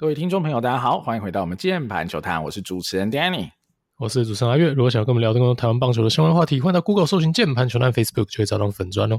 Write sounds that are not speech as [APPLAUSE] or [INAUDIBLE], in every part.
各位聽眾朋友，大家好，歡迎回到我們鍵盤球探，我是主持人 Danny，我是主持人阿月。如果想要跟我們聊更多台灣棒球的相關話題，歡迎到 Google 搜尋鍵，鍵盤球探 Facebook 就可以找到我們粉專哦。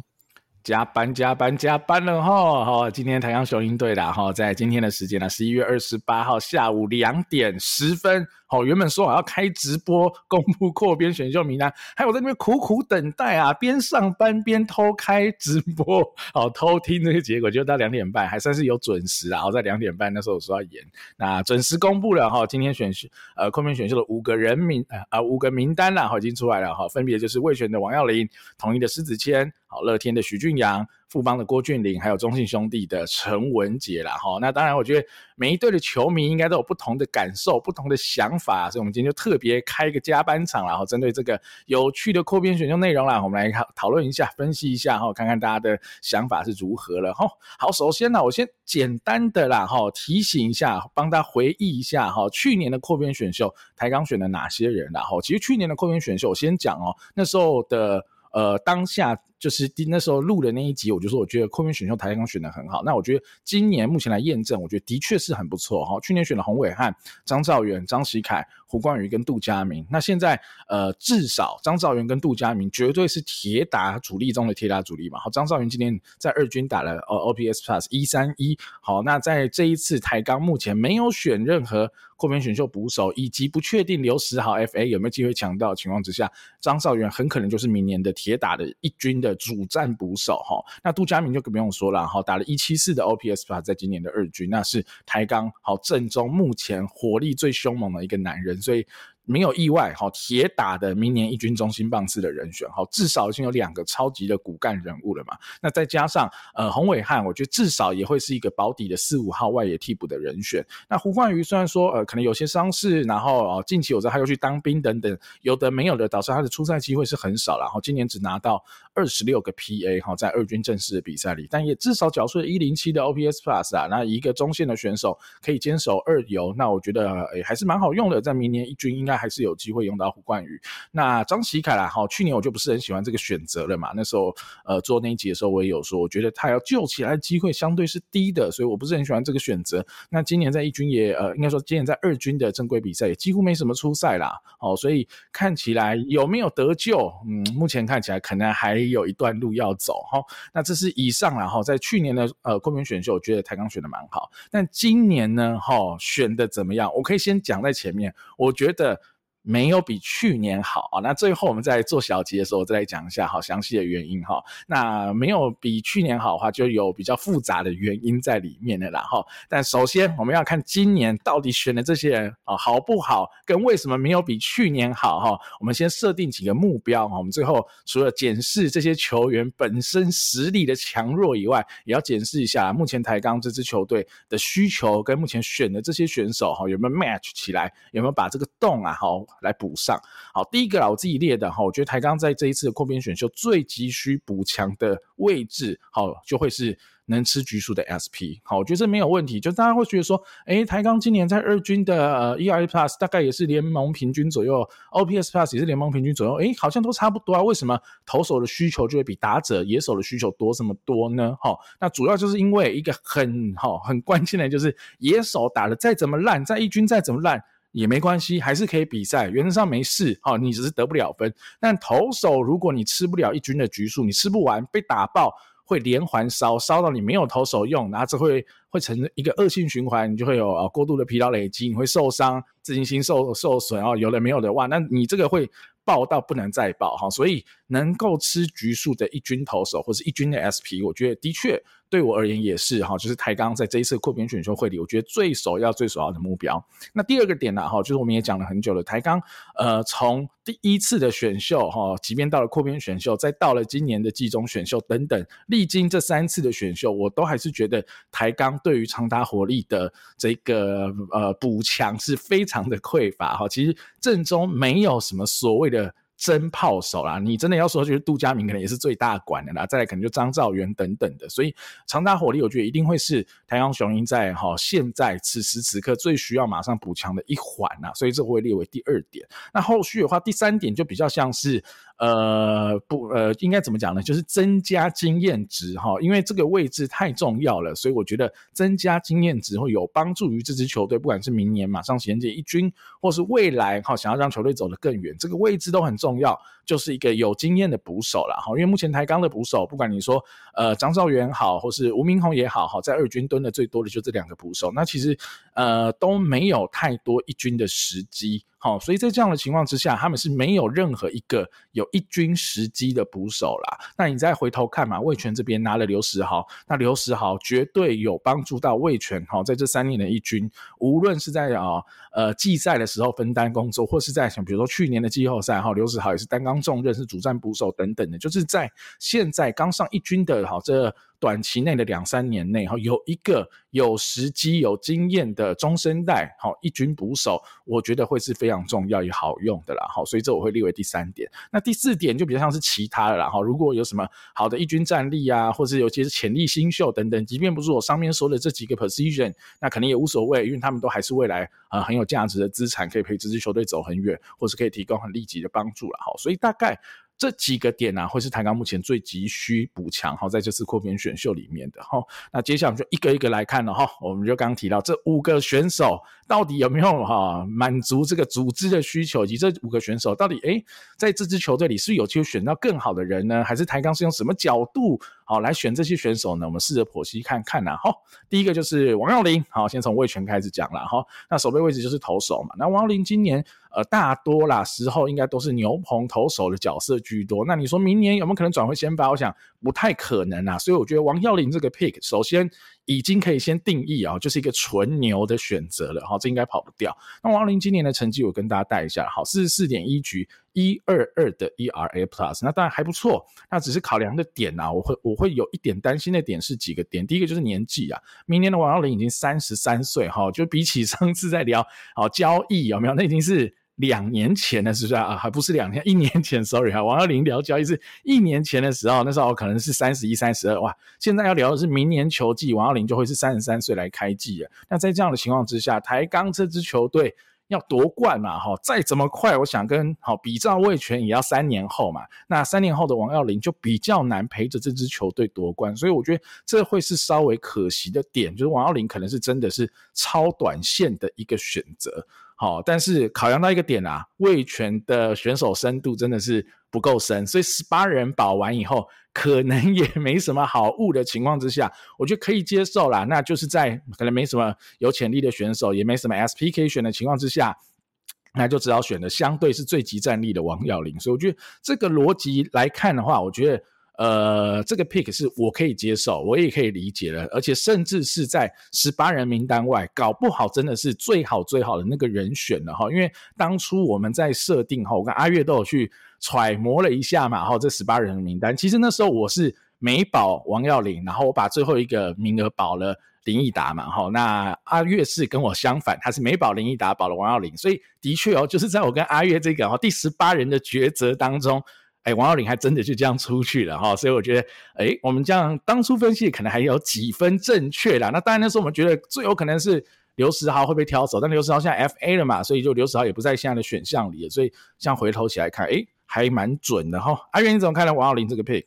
加班加班加班了哈！哈，今天台鋼雄鷹隊啦，哈，在今天的時間呢，十一月二十八號下午兩點十分，哈，原本說好要開直播公布擴編選秀名單，還有在那邊苦苦等待啊，邊上班邊偷開直播，哦，偷聽這些結果，結果到兩點半還算是有準時啊。然後在兩點半那時候我說要延那準時公布了哈，今天選呃擴編選秀的五個人名啊、呃、五個名單了哈，已經出來了哈，分別就是味全的王躍霖，統一的施子謙，好，樂天的許峻暘，富邦的郭俊麟，還有中信兄弟的陳文杰啦。哈，那當然，我覺得每一隊的球迷應該都有不同的感受、不同的想法，所以我們今天就特別開一個加班場啦。哈，針對這個有趣的擴編選秀內容啦，我們來討論一下、分析一下哈，看看大家的想法是如何了。哈，好，首先呢，我先簡單的啦，哈，提醒一下，幫大家回憶一下哈，去年的擴編選秀，台鋼選了哪些人啦？哈，其實去年的擴編選秀，我先講哦、喔，那時候的呃當下。就是那時候錄的那一集，我就說我覺得擴編選秀台鋼選的很好。那我覺得今年目前來驗證，我覺得的確是很不錯哈。去年選了洪偉漢、張兆元、張喜凱、胡冠宇跟杜佳明。那現在呃，至少張兆元跟杜佳明絕對是鐵打主力中的鐵打主力嘛。好，張兆元今年在二軍打了呃 OPS plus 一三一，e、好，那在這一次台鋼目前沒有選任何。擴編選秀捕手，以及不確定劉時豪 F A 有沒有機會搶到的情況之下，張少元很可能就是明年的鐵打的一軍的主戰捕手哈。那杜嘉明就更不用說了哈，打了一七四的 O P S 在今年的二軍，那是台鋼好正宗目前火力最兇猛的一個男人，所以。沒有意外哈，鐵打的明年一軍中心棒次的人選哈，至少已經有兩個超級的骨幹人物了嘛。那再加上呃洪偉漢，我覺得至少也會是一個保底的四五號外野替補的人選。那胡冠宇雖然說呃可能有些傷勢，然後近期有的他又去當兵等等，有的沒有的，導致他的出賽機會是很少了，然後今年只拿到。二十六個 PA 哈，在二軍正式的比賽裡，但也至少繳出了一零七的 OPS Plus 啊。那一個中線的選手可以堅守二游，那我覺得誒還是蠻好用的。在明年一軍應該還是有機會用到胡冠宇。那張齊凱啦，哈，去年我就不是很喜歡這個選擇了嘛。那時候呃做那一集的時候，我也有說，我覺得他要救起來的機會相對是低的，所以我不是很喜歡這個選擇。那今年在一軍也呃，應該說今年在二軍的正規比賽也幾乎沒什麼出賽啦，哦，所以看起來有沒有得救？嗯，目前看起來可能還。也有一段路要走哈，那這是以上了哈。在去年的呃，擴編選秀，我覺得台鋼選的蠻好，但今年呢哈，選的怎麼樣？我可以先講在前面，我覺得。沒有比去年好啊！那最後我們再做小結的時候，再來講一下好詳細的原因哈。那沒有比去年好的話，就有比較複雜的原因在裡面了哈。但首先我們要看今年到底選的這些人啊好不好，跟為什麼沒有比去年好哈。我們先設定幾個目標哈。我們最後除了檢視這些球員本身實力的強弱以外，也要檢視一下目前台鋼這支球隊的需求跟目前選的這些選手哈有沒有 match 起來，有沒有把這個洞啊哈。來補上好，第一個啦，我自己列的哈，我覺得台鋼在這一次的擴編選秀最急需補強的位置，好，就會是能吃局數的 SP，好，我覺得這沒有問題。就大家會覺得說，哎，台鋼今年在二軍的 ERA Plus 大概也是聯盟平均左右，OPS Plus 也是聯盟平均左右，哎，好像都差不多啊，為什麼投手的需求就會比打者野手的需求多這麼多呢？哈，那主要就是因為一個很哈很關鍵的，就是野手打得再怎麼爛，在一軍再怎麼爛。也沒關係，還是可以比賽，原則上沒事、哦。你只是得不了分。但投手，如果你吃不了一軍的局數，你吃不完被打爆，會連環燒，燒到你沒有投手用，然後這會會成一個惡性循環，你就會有過度的疲勞累積，你會受傷，自信心受受損、哦，有的沒有的話，那你這個會爆到不能再爆，哈、哦。所以能夠吃局數的一軍投手或是一軍的 SP，我覺得的確。對我而言也是哈，就是台鋼在這一次擴編選秀會裡，我覺得最首要、最首要的目標。那第二個點呢，哈，就是我們也講了很久了，台鋼呃，從第一次的選秀哈，即便到了擴編選秀，再到了今年的季中選秀等等，歷經這三次的選秀，我都還是覺得台鋼對於長打火力的這個呃補強是非常的匱乏哈。其實陣中沒有什麼所謂的。真炮手啦，你真的要說，就是杜家明可能也是最大管的啦，再來可能就張兆元等等的，所以長打火力，我覺得一定會是台鋼雄鷹在哈現在此時此刻最需要馬上補強的一環啦，所以這會列為第二點。那後續的話，第三點就比較像是。呃不，呃應該怎麼講呢？就是增加經驗值哈，因為這個位置太重要了，所以我覺得增加經驗值會有幫助於這支球隊，不管是明年馬上銜接一軍，或是未來哈想要讓球隊走得更遠，這個位置都很重要，就是一個有經驗的捕手了哈。因為目前台鋼的捕手，不管你說呃張兆元好，或是吳明宏也好，哈在二軍蹲的最多的就這兩個捕手，那其實呃都沒有太多一軍的時機。好，所以在這樣的情況之下，他們是沒有任何一個有一軍時機的捕手啦。那你再回頭看嘛，味全這邊拿了劉時豪，那劉時豪絕對有幫助到味全。好，在這三年的一軍，無論是在啊呃季賽的時候分擔工作，或是在像比如說去年的季後賽哈，劉時豪也是擔綱重任，是主戰捕手等等的，就是在現在剛上一軍的哈這。短期內的兩三年內，哈，有一個有時機、有經驗的中生代，好一軍捕手，我覺得會是非常重要也好用的啦，好，所以這我會列為第三點。那第四點就比較像是其他的啦，如果有什麼好的一軍戰力啊，或者是尤其是潛力新秀等等，即便不是我上面說的這幾個 position，那肯定也無所謂，因為他們都還是未來啊、呃、很有價值的資產，可以陪這支球隊走很遠，或是可以提供很立即的幫助了，所以大概。這幾個點啊，會是台鋼目前最急需補強，好，在這次擴編選秀裡面的，哦，那接下來我們就一個一個來看了，哈，我們就剛剛提到這五個選手。到底有沒有哈滿足這個組織的需求？以及這五個選手到底、欸、在這支球隊裡是有機會選到更好的人呢，還是台鋼是用什麼角度好來選這些選手呢？我們試着剖析看看吶、啊。第一個就是王躍霖，好，先從味全開始講了哈。那守備位置就是投手嘛。那王躍霖今年呃大多啦時候應該都是牛棚投手的角色居多。那你說明年有沒有可能轉回先發？我想不太可能啊。所以我覺得王躍霖這個 pick 首先，已經可以先定義啊，就是一個純牛的選擇了哈，這應該跑不掉。那王躍霖今年的成績，我跟大家帶一下，好，四十四點一局一二二的 ERA plus，那當然還不錯。那只是考量的點啊，我會我會有一點擔心的點是幾個點，第一個就是年紀啊，明年的王躍霖已經三十三歲哈，就比起上次在聊好交易有沒有，那已經是。兩年前的是不是啊？還、啊、不是兩年，一年前，sorry 哈。王躍霖聊交易是，一年前的時候，那時候可能是三十一、三十二哇。現在要聊的是明年球季，王躍霖就會是三十三歲來開季了。那在這樣的情況之下，台鋼這支球隊要奪冠嘛？哈，再怎麼快，我想跟好比照味全也要三年後嘛？那三年後的王躍霖就比較難陪着這支球隊奪冠，所以我覺得這會是稍微可惜的點，就是王躍霖可能是真的是超短線的一個選擇。好，但是考量到一個點啊，味全的選手深度真的是不夠深，所以十八人保完以後，可能也沒什麼好物的情況之下，我覺得可以接受啦，那就是在可能沒什麼有潛力的選手，也沒什麼 SP 可以選的情況之下，那就只好選的相對是最即戰力的王躍霖，所以我覺得這個邏輯來看的話，我覺得。呃，這個 pick 是我可以接受，我也可以理解了，而且甚至是在十八人名單外，搞不好真的是最好最好的那個人選了哈。因為當初我們在設定哈，我跟阿月都有去揣摩了一下嘛哈，這十八人的名單。其實那時候我是沒保王躍霖，然後我把最後一個名額保了林逸達嘛哈。那阿月是跟我相反，他是沒保林逸達保了王躍霖，所以的確哦，就是在我跟阿月這個哦第十八人的抉擇當中。哎、欸，王躍霖還真的就這樣出去了哈，所以我覺得，哎、欸，我們這樣當初分析可能還有幾分正確啦。那當然，那時候我們覺得最有可能是劉時豪會被挑走，但劉時豪現在 F A 了嘛，所以就劉時豪也不在現在的選項裡，所以，像回頭起來看，哎、欸，還蠻準的哈。阿源你怎麼看到王躍霖這個 pick？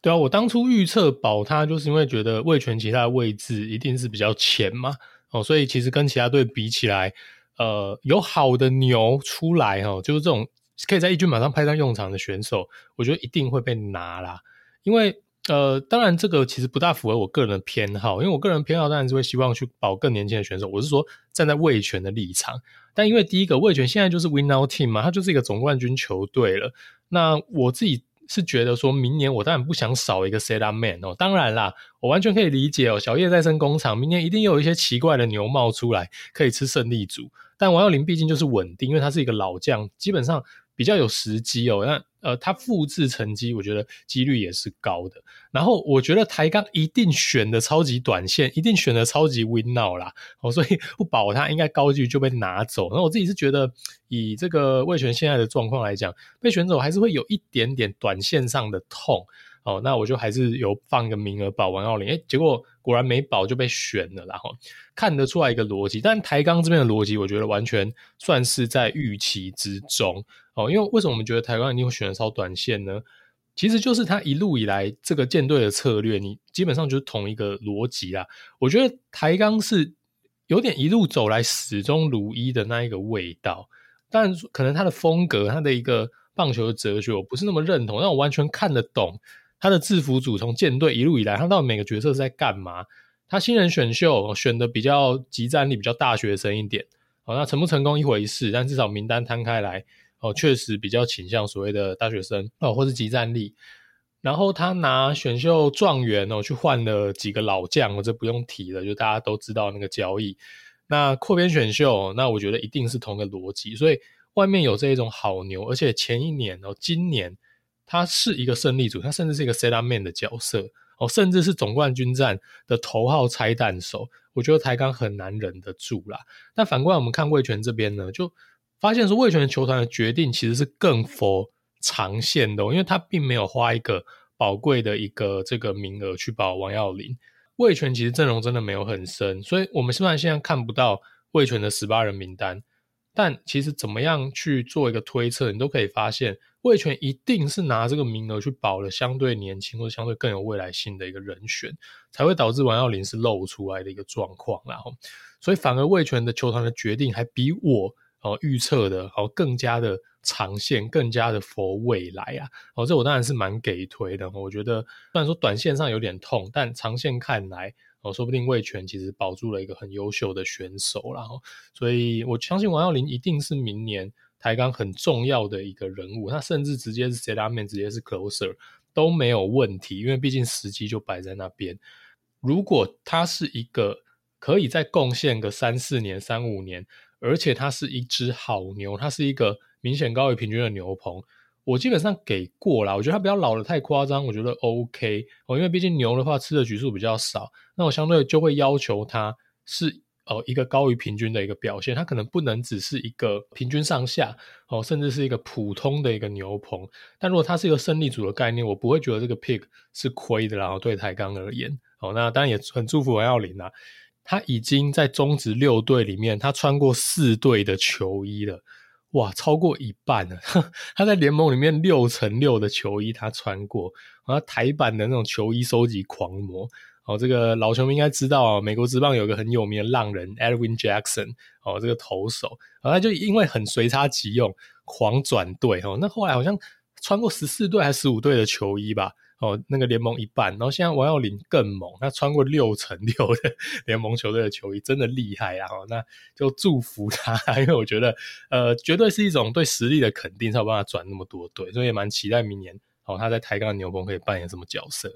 對啊，我當初預測保他，就是因為覺得味全其他的位置一定是比較淺嘛，哦，所以其實跟其他隊比起來，呃，有好的牛出來哦，就是這種。可以在一軍馬上派上用場的選手，我覺得一定會被拿啦。因為呃，當然這個其實不大符合我個人的偏好，因為我個人偏好當然是會希望去保更年輕的選手。我是說站在味全的立場，但因為第一個味全現在就是 Win Now Team 嘛，他就是一個總冠軍球隊了。那我自己是覺得說明年我當然不想少一個 Set Up Man 哦、喔。當然啦，我完全可以理解哦、喔，小葉再生工廠明年一定有一些奇怪的牛冒出來可以吃勝利組。但王躍霖畢竟就是穩定，因為他是一個老將，基本上。比較有時機哦、喔，那呃，他複製成績，我覺得幾率也是高的。然後我覺得台鋼一定選的超級短線，一定選的超級 Win Now 啦，我、喔、所以不保他應該高級就被拿走。那我自己是覺得，以這個味全現在的狀況來講，被選走還是會有一點點短線上的痛。哦，那我就還是有放一個名額保王躍霖，哎，結果果然沒保就被選了啦，然後看得出來一個邏輯。但台鋼這邊的邏輯，我覺得完全算是在預期之中。哦，因為為什麼我們覺得台鋼一定會選超短線呢？其實就是他一路以來這個艦隊的策略，你基本上就是同一個邏輯啦。我覺得台鋼是有點一路走來始終如一的那一個味道，但可能他的風格、他的一個棒球的哲學，我不是那麼認同，但我完全看得懂。他的制服組從艦隊一路以來，他到底每個角色是在幹嘛？他新人選秀選的比較即戰力，比較大學生一點。哦，那成不成功一回事，但至少名單攤開來，哦，確實比較傾向所謂的大學生哦、喔，或是即戰力。然後他拿選秀狀元哦、喔、去換了幾個老將、喔，這不用提了，就大家都知道那個交易。那擴編選秀、喔，那我覺得一定是同一個邏輯。所以外面有這一種好牛，而且前一年哦、喔，今年。他是一個勝利組，他甚至是一個 set up man 的角色哦，甚至是總冠軍戰的頭號拆彈手。我覺得台鋼很難忍得住啦。但反過來，我們看味全這邊呢，就發現說味全球團的決定其實是更 for 長線的哦，因為他並沒有花一個寶貴的一個這個名額去保王躍霖。味全其實陣容真的沒有很深，所以我們雖然現在看不到味全的十八人名單，但其實怎麼樣去做一個推測，你都可以發現。味全一定是拿這個名額去保了相對年輕或者相對更有未來性的一個人選，才會導致王躍霖是露出來的一個狀況，然後，所以反而味全的球團的決定還比我哦預測的哦更加的長線，更加的佛未來啊哦，這我當然是蠻給推的。我覺得雖然說短線上有點痛，但長線看來哦，說不定味全其實保住了一個很優秀的選手，然後，所以我相信王躍霖一定是明年。台鋼很重要的一個人物，他甚至直接是 setup man，直接是 closer 都沒有問題，因為畢竟時機就擺在那邊。如果他是一個可以再貢獻個三四年、三五年，而且他是一隻好牛，他是一個明顯高於平均的牛棚，我基本上給過了。我覺得他不要老的太誇張，我覺得 OK。哦，因為畢竟牛的話吃的局數比較少，那我相對就會要求他是。哦，一個高於平均的一個表現，他可能不能只是一個平均上下哦，甚至是一個普通的一個牛棚。但如果他是一個勝利組的概念，我不會覺得這個 pick 是虧的。然後對台鋼而言，哦，那當然也很祝福王躍霖啦，他已經在中職六隊裡面，他穿過四隊的球衣了，哇，超過一半了，啊。他在聯盟裡面六乘六的球衣他穿過，台版的那種球衣收集狂魔。哦，這個老球迷應該知道，哦、美國職棒有一個很有名的浪人 Edwin Jackson。哦，這個投手，然、哦、後他就因為很隨插即用，狂轉隊。哦，那後來好像穿過十四隊還是十五隊的球衣吧。哦，那個聯盟一半。然後現在王躍霖更猛，他穿過六成六的聯盟球隊的球衣，真的厲害啊！哦，那就祝福他，因為我覺得，呃，絕對是一種對實力的肯定，才有辦法轉那麼多隊。所以也蠻期待明年，哦，他在台鋼的牛棚可以扮演什麼角色。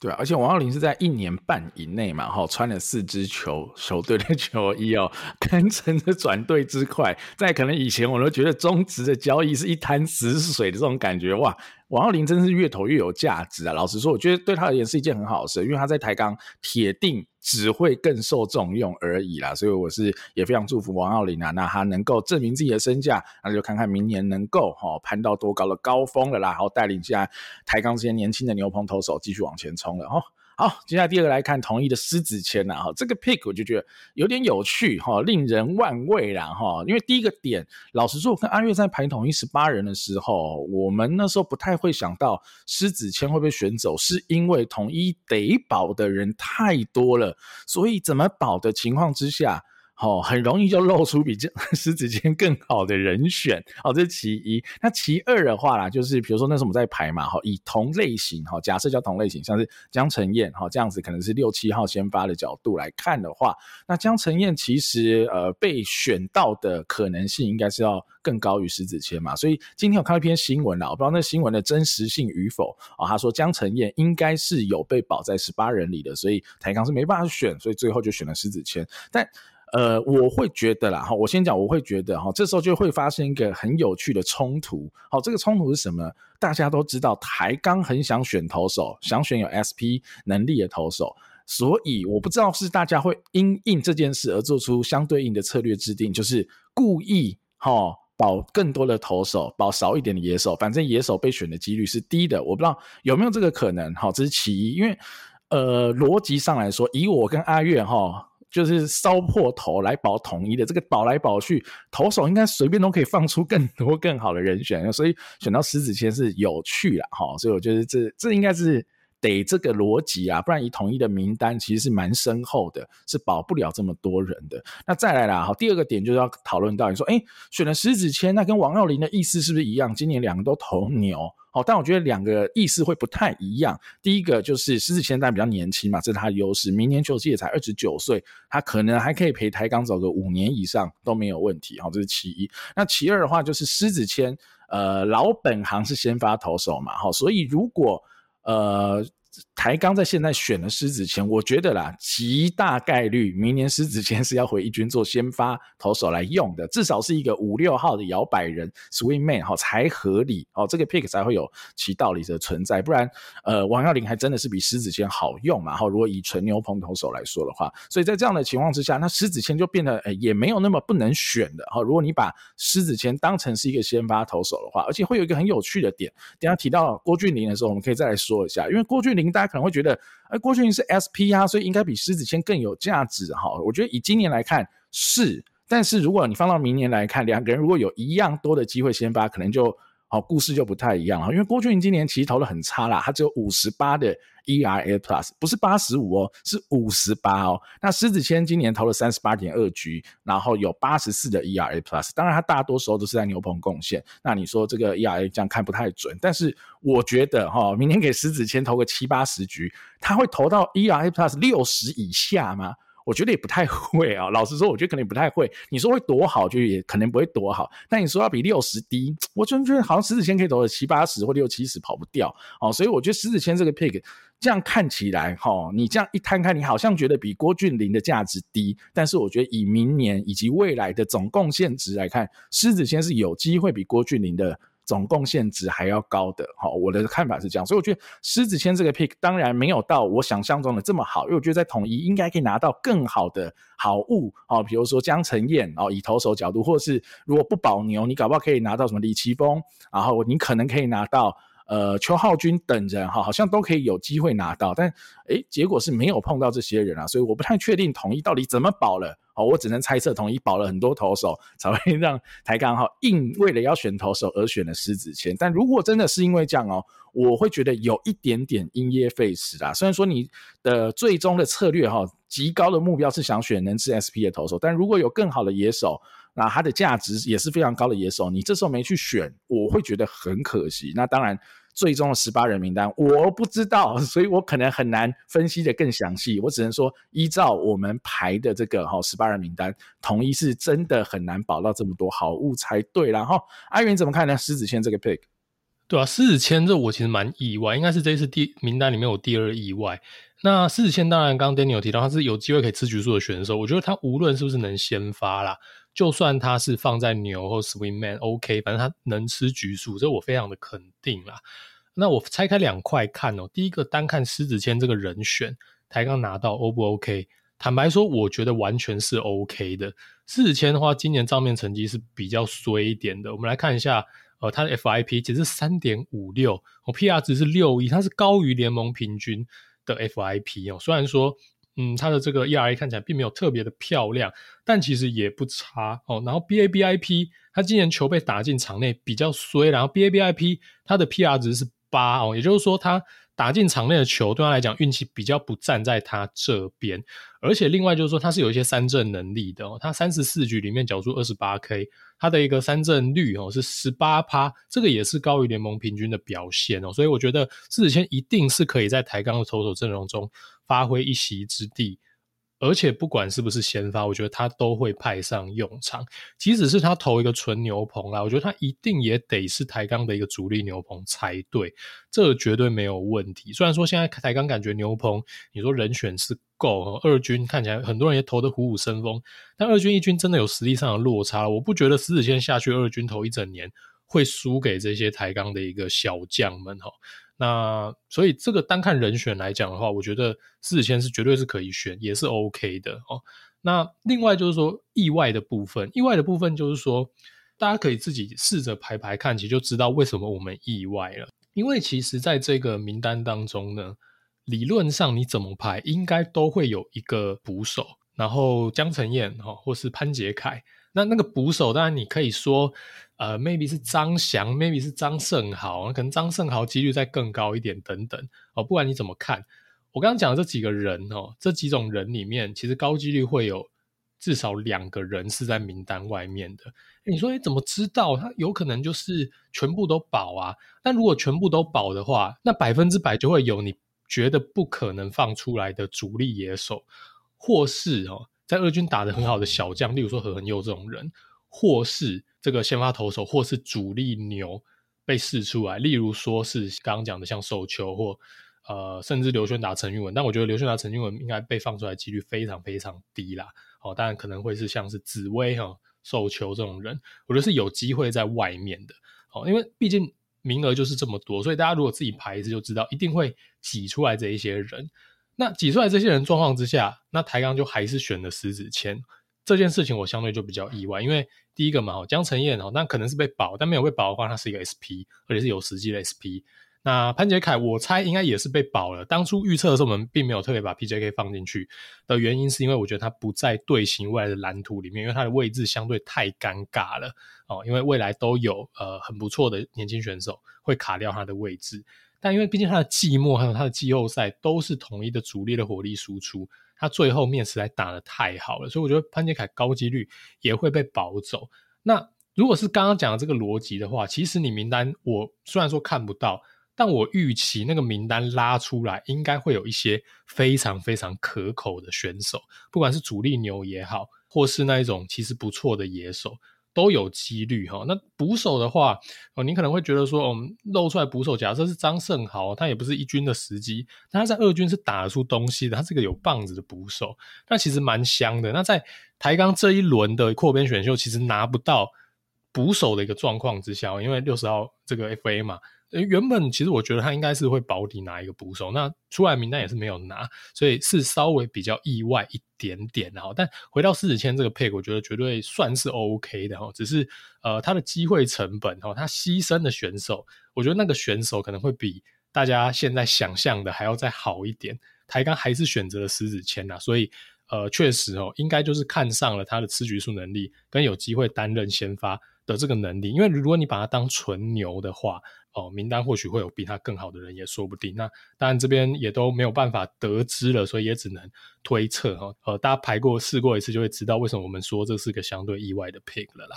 對、啊、而且王躍霖是在一年半以內嘛，哈，穿了四支球球隊的球衣哦，堪稱的轉隊之快，在可能以前我們都覺得中職的交易是一潭死水的這種感覺，哇。王躍霖真是越投越有價值啊！老實說，我覺得對他而言是一件很好的事，因為他在台鋼鐵定只會更受重用而已啦。所以我是也非常祝福王躍霖啊，那他能夠證明自己的身價，那就看看明年能夠哈攀到多高的高峰了啦，然後帶領下台鋼這些年輕的牛棚投手繼續往前衝了哈。好，接下來第二個來看統一的施子謙吶，哈，這個 pick 我就覺得有點有趣，哈，令人玩味啦，哈，因為第一個點，老實說，我跟阿月在排統一十八人的時候，我們那時候不太會想到施子謙會被選走，是因為統一得保的人太多了，所以怎麼保的情況之下。哦，很容易就露出比這施子謙更好的人選哦，這是其一。那其二的話啦，就是比如說那時候我們在排嘛，哈，以同類型哈，假設叫同類型，像是江承諺哈，這樣子可能是六七號先發的角度來看的話，那江承諺其實呃被選到的可能性應該是要更高於施子謙嘛。所以今天我看了一篇新聞啦，我不知道那新聞的真實性與否啊、哦。他說江承諺應該是有被保在十八人裡的，所以台鋼是沒辦法選，所以最後就選了施子謙，但。呃，我會覺得啦，哈，我先講，我會覺得哈，這時候就會發生一個很有趣的衝突，哈，這個衝突是什麼？大家都知道，台鋼很想選投手，想選有 SP 能力的投手，所以我不知道是大家會因應這件事而做出相對應的策略制定，就是故意哈保更多的投手，保少一點的野手，反正野手被選的幾率是低的，我不知道有沒有這個可能，哈，這是其一，因為呃，邏輯上來說，以我跟阿月哈。就是燒破頭來保統一的，這個保來保去，投手應該隨便都可以放出更多更好的人選，所以選到石子謙是有趣了哈。所以我覺得這這應該是得這個邏輯啊，不然以統一的名單其實是蠻深厚的，是保不了這麼多人的。那再來啦，好，第二個點就是要討論到你說，哎，選了石子謙，那跟王耀林的意思是不是一樣？今年兩個都頭牛。但我覺得兩個意思會不太一樣。第一個就是施子謙，他比較年輕嘛，這是他的優勢。明年球季也才二十九歲，他可能還可以陪台鋼走個五年以上都沒有問題。哈，這是其一。那其二的話，就是施子謙，呃，老本行是先發投手嘛。哈，所以如果呃。台鋼在現在選了施子謙，我覺得啦，極大概率，明年施子謙是要回一軍做先發投手來用的，至少是一個五六號的搖擺人，swing man 哈才合理哦，這個 pick 才會有其道理的存在，不然、呃、王躍霖還真的是比施子謙好用嘛，如果以純牛棚投手來說的話，所以在這樣的情況之下，那施子謙就變得呃、欸、也沒有那麼不能選的。如果你把施子謙當成是一個先發投手的話，而且會有一個很有趣的點，等一下提到郭俊麟的時候，我們可以再來說一下，因為郭俊。大家可能會覺得，哎、呃，郭俊麟是 SP 啊，所以應該比施子謙更有價值哈、哦。我覺得以今年來看是，但是如果你放到明年來看，兩個人如果有一樣多的機會先發，可能就好、哦、故事就不太一樣了。因為郭俊麟今年其實投的很差啦，他只有五十八的 E R A Plus 不是八十五哦，是五十八哦。那施子謙今年投了三十八點二局，然後有八十四的 E R A Plus。當然，他大多時候都是在牛棚貢獻。那你說這個 E R A 這樣看不太準，但是我覺得哈，明年給施子謙投個七八十局，他會投到 E R A Plus 六十以下嗎？我覺得也不太會啊、喔。老實說，我覺得可能不太會。你說會多好，就也可能不會多好。但你說要比六十低，我真覺得好像施子謙可以投到七八十或六七十，跑不掉哦。所以我覺得施子謙這個 Pick。這樣看起來，齁，你這樣一攤開，你好像覺得比郭俊麟的價值低，但是我覺得以明年以及未來的總貢獻值來看，施子謙是有機會比郭俊麟的總貢獻值還要高的，齁，我的看法是這樣。所以我覺得施子謙這個 pick 當然沒有到我想象中的這麼好，因為我覺得在統一應該可以拿到更好的好物，哦，比如說江成燕，哦，以投手角度，或是如果不保牛，你搞不好可以拿到什麼李奇峰，然後你可能可以拿到。呃，邱浩君等人哈、哦，好像都可以有機會拿到，但哎，結果是沒有碰到這些人啊，所以我不太確定統一到底怎麼保了。好、哦，我只能猜測統一保了很多投手，才會讓台鋼哈硬為了要選投手而選了施子謙。但如果真的是因為這樣哦，我會覺得有一點點因噎廢食啊。雖然說你的最終的策略哈、哦，極高的目標是想選能吃 SP 的投手，但如果有更好的野手。那它的價值也是非常高的野手，你這時候沒去選，我會覺得很可惜。那當然，最終的十八人名單我不知道，所以我可能很難分析得更詳細。我只能說，依照我們排的這個吼，十八人名單，統一是真的很難保到這麼多好物才對啦。然後，阿云怎麼看呢？施子謙這個 pick，對啊，施子謙這我其實蠻意外，應該是這一次第名單裡面有第二意外。那施子謙當然，剛 Daniel 有提到他是有機會可以吃局數的選手，我覺得他無論是不是能先發啦。就算他是放在牛或 Swing Man，OK，、okay, 反正他能吃局數，這我非常的肯定啦。那我拆開兩塊看哦，第一個單看施子謙這個人選，台鋼拿到 O 不 OK？坦白說，我覺得完全是 OK 的。施子謙的話，今年賬面成績是比較衰一點的。我們來看一下，呃，他的 FIP 其實是三點五六，哦 PR 值是六億，它是高於聯盟平均的 FIP 哦。雖然說。嗯，他的這個 ERA 看起來並沒有特別的漂亮，但其實也不差哦。然後 BABIP 他今年球被打進場內比較衰，然後 BABIP 他的 PR 值是八哦，也就是說他。打進場內的球對他來講，運氣比較不站在他這邊，而且另外就是說，他是有一些三振能力的哦。他三十四局裡面繳出二十八 K，他的一個三振率哦是十八趴，這個也是高於聯盟平均的表現哦。所以我覺得施子謙一定是可以在台鋼的投手陣容中發揮一席之地。而且不管是不是先發，我覺得他都會派上用場。即使是他投一個純牛棚啦，我覺得他一定也得是台鋼的一個主力牛棚才對，這絕對沒有問題。雖然說現在台鋼感覺牛棚，你說人選是夠，二軍看起來很多人也投得虎虎生風，但二軍一軍真的有實力上的落差，我不覺得施子謙下去二軍投一整年會輸給這些台鋼的一個小將們哈。那所以這個單看人選來講的話，我覺得施子謙是絕對是可以選，也是 O、OK、K 的哦。那另外就是說意外的部分，意外的部分就是說，大家可以自己試着排排看，其實就知道為什麼我們意外了。因為其實在這個名單當中呢，理論上你怎麼排，應該都會有一個捕手，然後江承晏哈、哦，或是潘杰凱。那那個捕手，當然你可以說，呃，maybe 是張翔，maybe 是張勝豪，可能張勝豪幾率再更高一點，等等哦。不管你怎麼看，我剛剛講的這幾個人哦，這幾種人裡面，其實高幾率會有至少兩個人是在名單外面的。欸，你說，你怎麼知道？他有可能就是全部都保啊？但如果全部都保的話，那百分之百就會有你覺得不可能放出來的主力野手，或是哦。在二軍打得很好的小將，例如說何恆佑這種人，或是這個先發投手，或是主力牛被試出來，例如說是剛剛講的像壽球或呃，甚至劉軒達、陳俊文，但我覺得劉軒達、陳俊文應該被放出來幾率非常非常低啦。哦，當然可能會是像是紫薇哈壽球這種人，我覺得是有機會在外面的。哦、因為畢竟名額就是這麼多，所以大家如果自己排一次就知道，一定會擠出來這一些人。那擠出來這些人狀況之下，那台鋼就還是選了施子謙這件事情，我相對就比較意外，因為第一個嘛，哦，江承燕哦，那可能是被保，但沒有被保的話，他是一個 SP，而且是有實際的 SP。那潘杰凱，我猜應該也是被保了。當初預測的時候，我們並沒有特別把 PJK 放進去的原因，是因為我覺得他不在隊形未來的藍圖裡面，因為他的位置相對太尷尬了哦，因為未來都有呃很不錯的年輕選手會卡掉他的位置。但因為畢竟他的季末還有他的季後賽都是統一的主力的火力輸出，他最後面實在打得太好了，所以我覺得潘杰凱高幾率也會被保走。那如果是剛剛講的這個邏輯的話，其實你名單我雖然說看不到，但我預期那個名單拉出來應該會有一些非常非常可口的選手，不管是主力牛也好，或是那一種其實不錯的野手。都有幾率哈，那捕手的話，哦，你可能會覺得說，我、哦、們露出來捕手，假設是張勝豪，他也不是一軍的時機，他在二軍是打得出東西的，他是個有棒子的捕手，那其實蠻香的。那在台鋼這一輪的擴編選秀，其實拿不到捕手的一個狀況之下，因為六十號這個 FA 嘛。原本其實我覺得他應該是會保底拿一個捕手，那出來名單也是沒有拿，所以是稍微比較意外一點點，然後，但回到施子謙這個 pick，我覺得絕對算是 OK 的哈。只是呃，他的機會成本哈、哦，他犧牲的選手，我覺得那個選手可能會比大家現在想象的還要再好一點。台鋼還是選擇了施子謙啊，所以呃，確實哦，應該就是看上了他的吃局數能力跟有機會擔任先發的這個能力。因為如果你把他當純牛的話，哦，名單或許會有比他更好的人，也說不定。那當然這邊也都沒有辦法得知了，所以也只能推測哈、哦。呃，大家排過試過一次就會知道，為什麼我們說這是個相對意外的 pick 了啦。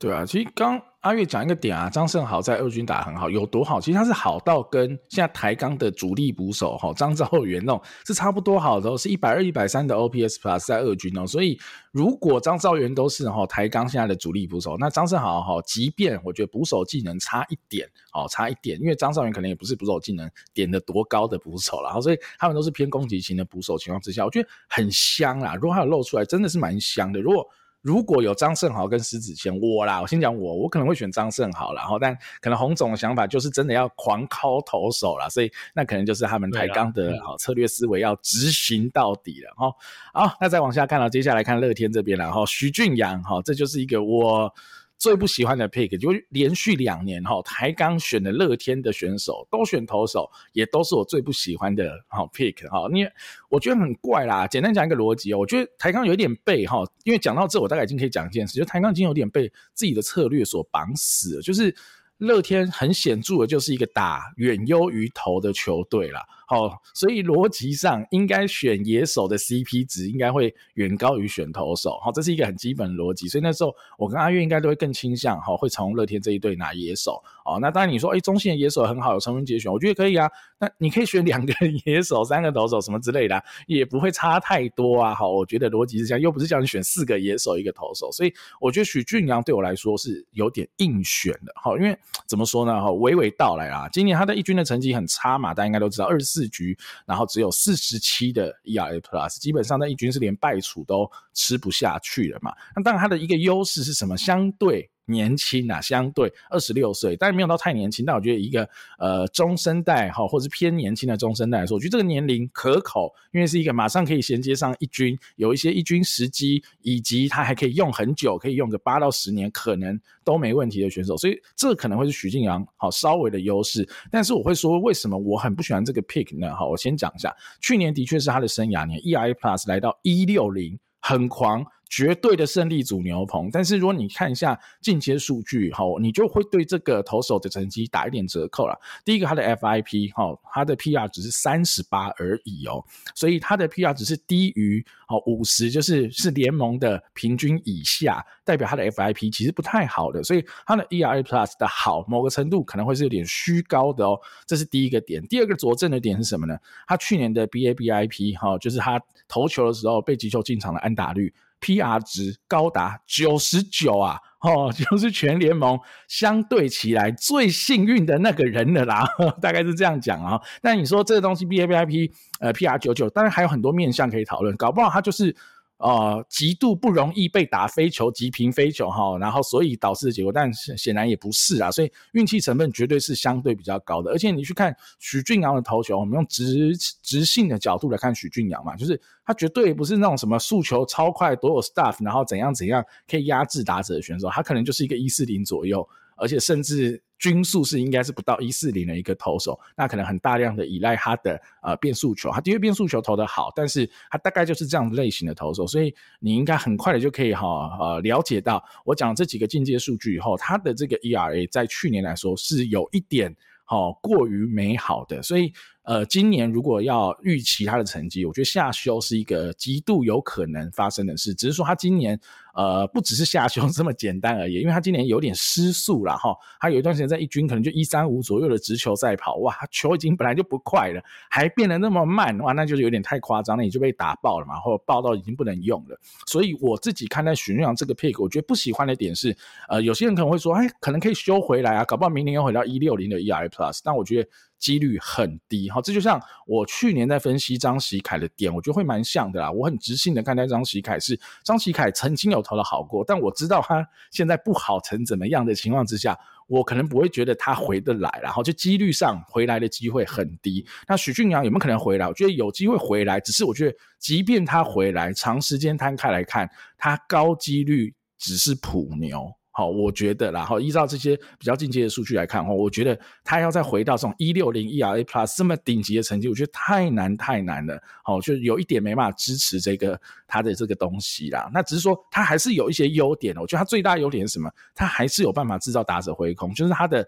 對啊，其實剛阿月講一個點啊，張盛豪在二軍打得很好，有多好？其實他是好到跟現在台鋼的主力捕手哈，張兆元那種是差不多好的哦，是一百二、一百三的 OPS plus 在二軍哦。所以如果張兆元都是哈台鋼現在的主力捕手，那張勝豪哈，即便我覺得捕手技能差一點哦，差一點，因為張兆元可能也不是捕手技能點的多高的捕手啦。然後所以他們都是偏攻擊型的捕手情況之下，我覺得很香啦。如果他有露出來，真的是蠻香的。如果。如果有張勝豪跟施子謙，我啦，我先講我，我可能會選張勝豪啦，然後但可能洪總的想法就是真的要狂摳投手啦，所以那可能就是他們台鋼的好策略思維要執行到底了。哦、啊，嗯、好，那再往下看了，啊，接下來看樂天這邊了。然許峻暘，哈，這就是一個我。最不喜歡的 pick，就連續兩年哈，台鋼選了樂天的選手都選投手，也都是我最不喜歡的哈 pick 哈，因為我覺得很怪啦。簡單講一個邏輯哦，我覺得台鋼有點背哈，因為講到這我大概已經可以講一件事，就台鋼已經有點被自己的策略所綁死了，就是樂天很顯著的就是一個打遠優於投的球隊啦。哦，所以邏輯上應該選野手的 CP 值應該會遠高於選投手。好，這是一個很基本的邏輯。所以那時候我跟阿月應該都會更傾向，好，會從樂天這一隊拿野手。哦，那當然你說，哎、欸，中性信的野手很好，有陳文杰選，我覺得可以啊。那你可以選兩個野手，三個投手什麼之類的、啊，也不會差太多啊。好，我覺得邏輯是這樣，又不是叫你選四個野手一個投手。所以我覺得許峻暘對我來說是有點硬選的。好，因為怎麼說呢？哈，娓娓道來啦、啊。今年他的一軍的成績很差嘛，大家應該都知道，二十四。四局，然後只有四十七的 ERA+，基本上那一軍是連敗處都吃不下去了嘛。那當然，它的一個優勢是什麼？相對年輕啊，相對二十六歲，但是沒有到太年輕。但我覺得一個呃中生代哈，或者是偏年輕的中生代來說，我覺得這個年齡可口，因為是一個馬上可以銜接上一軍，有一些一軍時機，以及他還可以用很久，可以用個八到十年可能都沒問題的選手。所以這可能會是許峻暘好稍微的優勢。但是我會說，為什麼我很不喜歡這個 pick 呢？好，我先講一下，去年的確是他的生涯年，ERA+ 來到一六零很狂。絕對的勝利組牛棚，但是如果你看一下進階數據，哈，你就會對這個投手的成績打一點折扣了。第一個，他的 FIP，哈，他的 PR 只是三十八而已哦，所以他的 PR 只是低於哦五十，就是是聯盟的平均以下，代表他的 FIP 其實不太好的，所以他的 ERA Plus 的好某個程度可能會是有點虛高的哦，這是第一個點。第二個佐證的點是什麼呢？他去年的 BABIP，哈，就是他投球的時候被擊球進場的安打率。PR 值高達九十九啊！哦，就是全聯盟相對起來最幸運的那個人了啦，大概是這樣講啊。但你說這個東西 BABIP 呃 PR 九九，當然還有很多面向可以討論，搞不好它就是。呃，極度不容易被打飛球，擊平飛球哈，然後所以導致的結果，但顯然也不是啊，所以運氣成分絕對是相對比較高的，而且你去看許峻暘的投球，我們用直直性的角度來看許峻暘嘛，就是他絕對不是那種什麼速球超快，多有 stuff，然後怎樣怎樣可以壓制打者的選手，他可能就是一個一四零左右。而且甚至均速是應該是不到一四零的一個投手，那可能很大量的依賴他的呃變速球，他的確變速球投得好，但是他大概就是這樣類型的投手，所以你應該很快的就可以哈呃了解到，我講這幾個進階數據以後，他的這個 ERA 在去年來說是有一點哦、呃、過於美好的，所以。呃，今年如果要預期他的成績，我覺得下修是一個極度有可能發生的事。只是說他今年呃，不只是下修這麼簡單而已，因為他今年有點失速了哈。他有一段時間在一軍，可能就一三五左右的直球賽跑，哇，球已經本來就不快了，還變得那麼慢，哇，那就是有點太誇張了，也就被打爆了嘛，或者爆到已經不能用了。所以我自己看待許峻暘這個 pick，我覺得不喜歡的點是，呃，有些人可能會說，哎，可能可以修回來啊，搞不好明年又回到一六零的 ERA+，但我覺得。幾率很低，哈，這就像我去年在分析張喜凱的點，我覺得會蠻像的啦。我很直性的看待張喜凱是張喜凱曾經有投的好過，但我知道他現在不好成怎麼樣的情況之下，我可能不會覺得他回得來啦，然後就幾率上回來的機會很低。那許峻暘有沒有可能回來？我覺得有機會回來，只是我覺得，即便他回來，長時間攤開來看，他高幾率只是普牛。哦，我覺得，然後依照這些比較進階的數據來看，哈，我覺得他要再回到這種160 ERA Plus 這麼頂級的成績，我覺得太難太難了。哦，就有一點沒辦法支持這個他的這個東西啦。那只是說，他還是有一些優點的。我覺得他最大優點是什麼？他還是有辦法制造打者揮空，就是他的。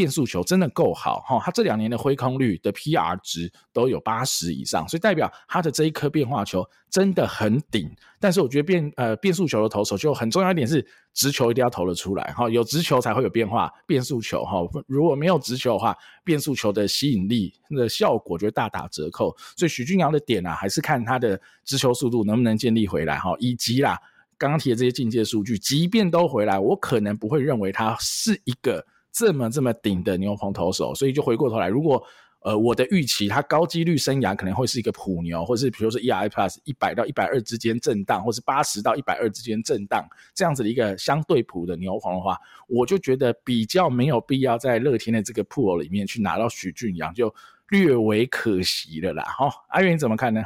變速球真的夠好哈，他這兩年的揮空率的 P R 值，都有八十以上，所以代表他的這一顆變化球真的很頂。但是我覺得變，呃變速球的投手就很重要一點是直球一定要投得出來哈，有直球才會有變化，變速球哈，如果沒有直球的話，變速球的吸引力那的效果就會大打折扣。所以許峻暘的點呢、啊，還是看他的直球速度能不能建立回來哈，以及啦剛剛提的這些進階數據，即便都回來，我可能不會認為他是一個。這麼這麼頂的牛棚投手，所以就回過頭來，如果呃我的預期他高幾率生涯可能會是一個普牛，或是比如說 ERA+ 一百到一百二之間震盪，或是八十到一百二之間震盪，這樣子的一個相對普的牛棚的話，我就覺得比較沒有必要在樂天的這個 pool 裡面去拿到許峻暘，就略為可惜了啦。哈、哦，阿遠你怎麼看呢？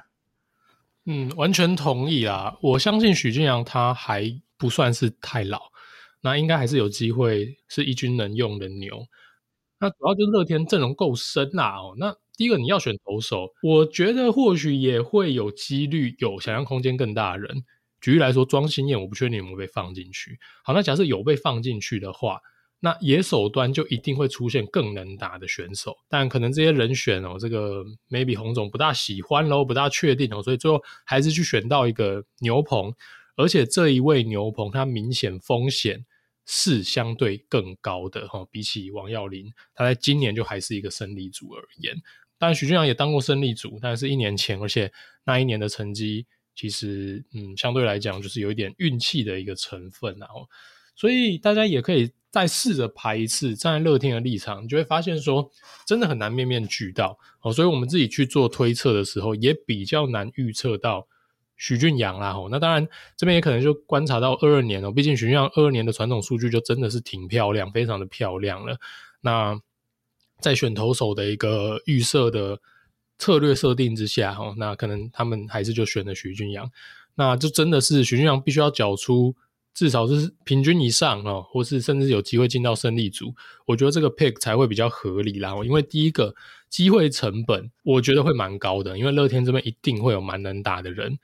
嗯，完全同意啊，我相信許峻暘他還不算是太老。那應該還是有機會是一軍能用的牛。那主要就是樂天陣容夠深、啦、哦，那第一個你要選投手，我覺得或許也會有幾率有想象空間更大的人。舉例來說，莊心燕我不確定你有沒有被放進去。好，那假設有被放進去的話，那野手端就一定會出現更能打的選手。但可能這些人選哦，這個 maybe 洪總不大喜歡咯，不大確定哦，所以最後還是去選到一個牛棚，而且這一位牛棚他明顯風險是相對更高的哈、哦，比起王躍霖，他在今年就還是一個勝利組而言。當然，許峻暘也當過勝利組，但是一年前，而且那一年的成績，其實嗯，相對來講就是有一點運氣的一個成分啊。所以大家也可以再試着排一次，站在樂天的立場，你就會發現說，真的很難面面俱到哦。所以我們自己去做推測的時候，也比較難預測到。許峻暘啦，那當然這邊也可能就觀察到二二年哦，畢竟許峻暘二二年的傳統數據就真的是挺漂亮，非常的漂亮了。那在選投手的一個預設的策略設定之下，哦，那可能他們還是就選了許峻暘。那就真的是許峻暘必須要繳出至少是平均以上哦，或是甚至有機會進到勝利組，我覺得這個 pick 才會比較合理啦。因為第一個機會成本，我覺得會蠻高的，因為樂天這邊一定會有蠻能打的人。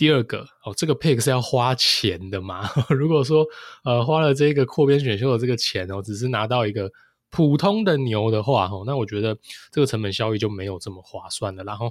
第二個哦，這個 pick 是要花錢的嘛？ [LAUGHS] 如果說呃花了這個擴編選秀的這個錢哦，只是拿到一個普通的牛的話哦，那我覺得這個成本效益就沒有這麼划算了，然、哦、後。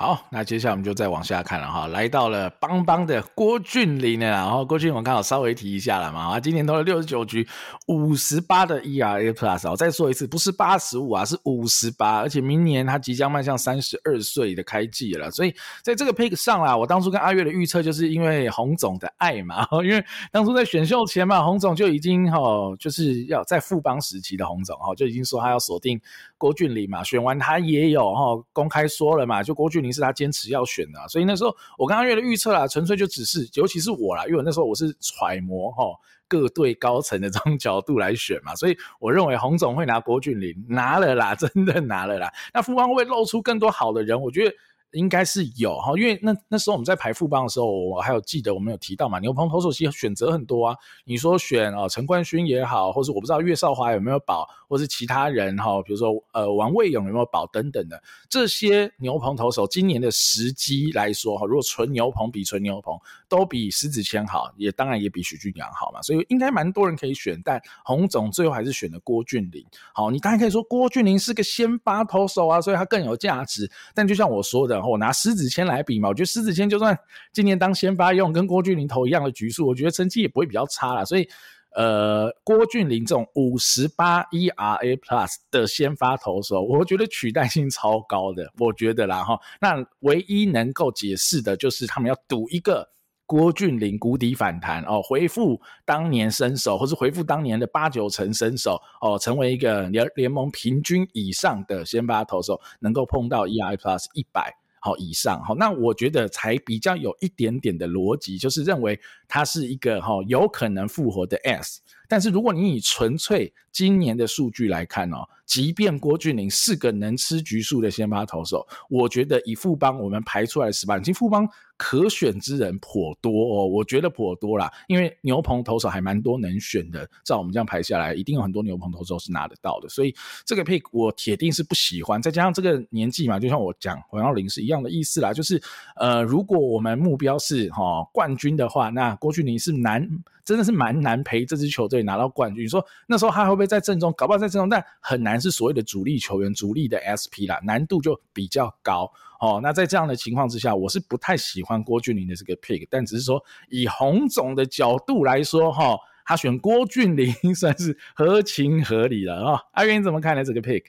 好，那接下來我們就再往下看了哈，來到了邦邦的郭俊麟了、啊。然後郭俊麟，我剛好稍微提一下了嘛，啊，今年都是六十九局，五十八的 ERA plus。我再說一次，不是八十五啊，是五十八，而且明年他即將邁向三十二歲的開季了。所以在這個 pick 上啊，我當初跟阿月的預測，就是因為洪總的愛嘛，因為當初在選秀前嘛，洪總就已經哈，就是要在富邦時期的洪總哈，就已經說他要鎖定。郭俊麟嘛，選完他也有哈、哦，公開說了嘛，就郭俊麟是他堅持要選的、啊，所以那時候我剛剛為了預測啦，純粹就只是，尤其是我啦，因為那時候我是揣摩哈、哦、各隊高層的這種角度來選嘛，所以我認為洪總會拿郭俊麟拿了啦，真的拿了啦，那富邦會不會露出更多好的人，我覺得。應該是有哈，因為那那時候我們在排富邦的時候，我還有記得我們有提到嘛，牛棚投手其實選擇很多啊。你說選啊，呃、陳冠勳也好，或是我不知道岳少華有沒有保，或是其他人哈，比如說呃王衛勇有沒有保等等的這些牛棚投手，今年的時機來說哈，如果純牛棚比純牛棚都比施子謙好，也當然也比許峻暘好嘛，所以應該蠻多人可以選，但洪總最後還是選了郭俊麟。好，你當然可以說郭俊麟是個先發投手啊，所以他更有價值，但就像我說的。然後拿施子謙來比嘛，我覺得施子謙就算今年當先發用，跟郭俊麟投一樣的局數，我覺得成績也不會比較差啦。所以，呃，郭俊麟這種五十八 ERA plus 的先發投手，我覺得取代性超高的，我覺得啦哈。那唯一能夠解釋的就是他們要賭一個郭俊麟谷底反彈哦，回復當年身手，或是回復當年的八九成身手哦，成為一個聯聯盟平均以上的先發投手，能夠碰到 ERA plus 一百。100。好，以上好，那我覺得才比較有一點點的邏輯，就是認為它是一個吼，有可能復活的 S。但是如果你以純粹今年的數據來看哦，即便郭俊麟是個能吃局數的先發投手，我覺得以富邦我們排出來的十八人，其實富邦可選之人頗多哦，我覺得頗多啦。因為牛棚投手還蠻多能選的。照我們這樣排下來，一定有很多牛棚投手是拿得到的。所以這個 pick 我鐵定是不喜歡。再加上這個年紀嘛，就像我講王躍霖是一樣的意思啦，就是呃，如果我們目標是哈、哦、冠軍的話，那郭俊麟是難。真的是蠻難陪這支球隊拿到冠軍。你說那時候他還會不會在陣中？搞不好在陣中，但很難是所謂的主力球員、主力的 SP 啦，難度就比較高。哦，那在這樣的情況之下，我是不太喜歡郭俊麟的這個 pick，但只是說以洪總的角度來說，哈，他選郭俊麟算是合情合理的、哦、啊。阿元你怎麼看呢？這個 pick，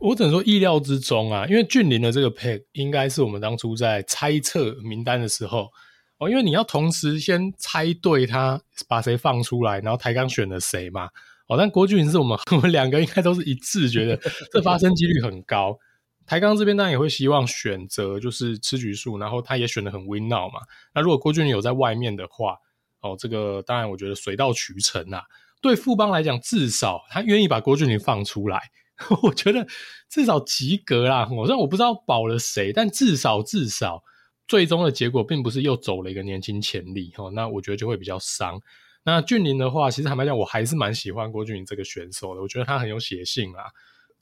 我只能說意料之中啊，因為俊麟的這個 pick 應該是我們當初在猜測名單的時候。哦，因為你要同時先猜對他把誰放出來，然後台鋼選了誰嘛。哦，但郭俊麟是我們我們兩個應該都是一致覺得這發生幾率很高。 [LAUGHS] 台鋼這邊當然也會希望選擇就是吃局數，然後他也選的很 win now 嘛。那如果郭俊麟有在外面的話，哦，這個當然我覺得水到渠成啦、啊。對富邦來講，至少他願意把郭俊麟放出來， [LAUGHS] 我覺得至少及格啦。我但我不知道保了誰，但至少至少。最終的結果並不是又走了一個年輕潛力哈，那我覺得就會比較傷。那俊麟的話，其實坦白講，我還是蠻喜歡郭俊麟這個選手的。我覺得他很有血性啊。